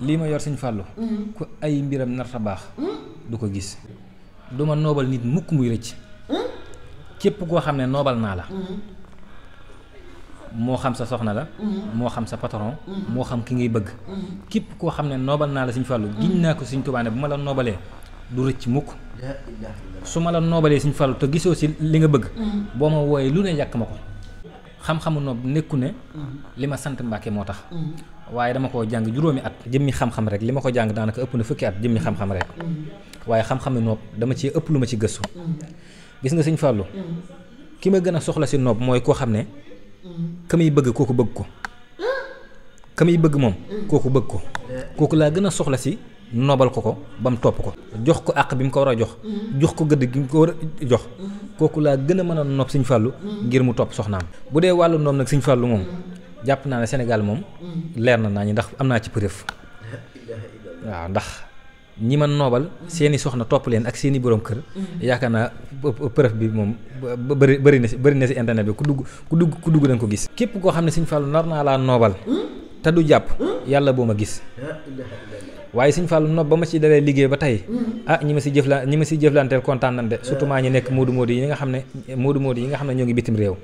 lii ma yor sëñ Fallou. Mm-hmm. ku ay mbiram narta baax. Mm-hmm. du ko gis. du ma noobal nit mukk muy rëcc. Mm-hmm. képp koo xam ne noobal naa la. moo xam sa soxna la. moo xam sa patron. moo xam ki ngay bëgg. képp koo xam ne noobal naa la suñ Fallou giñ naa ko suñ Tuubaa ne bu ma la noobalee du rëcc mukk. su ma la noobalee suñ Fallou te gisoo si li nga bëgg. boo ma wooyee lu ne yàq ma ko. xam-xamu noob nekku ne mm-hmm. li ma sant Mbàkke moo tax mm-hmm. waaye dama ko jàng juróomi at jëmmi xam-xam rek li ma ko jàng daanaka ëpp na fukki at jëmmi xam-xam rek mm-hmm. waaye xam-xamu noob dama ci ëpp lu ma ci gëstu gis nga sëñ Fallou ki ma gën a soxla si noob mooy koo xam ne ka muy bëgg ko bëgg ko ka muy bëgg moom kooku bëgg ko kooku laa gën a soxla si nobal ko ko ba topp ko jox ko àq bi mu ko war a jox mm-hmm. jox ko gëdd gi ko war a jox mm-hmm. kooku laa gën a mën a nopp Sëñ Fàllu mm-hmm. ngir mu topp soxnaam bu dee wàllu noom nag Sëñ Fàllu moom jàpp naa ne Sénégal moom leer na naa ñi ndax am naa ci preuve waaw ndax ñi man noobal seeni soxna topp leen ak seeni boroom kër yaakaar naa preuve bi moom bëri bari na si bëri na si internet bi ku dugg ku dugg ku dugg da ko gis képp koo xam ne Sëñ Fàllu nar naa laa noobal te du jàpp yàlla boo ma gis waaye Sëñ Fallu nopp ba ma ci dalee liggéey ba tey ah ñi ma si jëfla ñi ma si jëflanteel kontaan nañ de surtout maa ñi nekk moodu moodu yi nga xam ne moodu moodu yi nga xam ne ñoo ngi bitim réew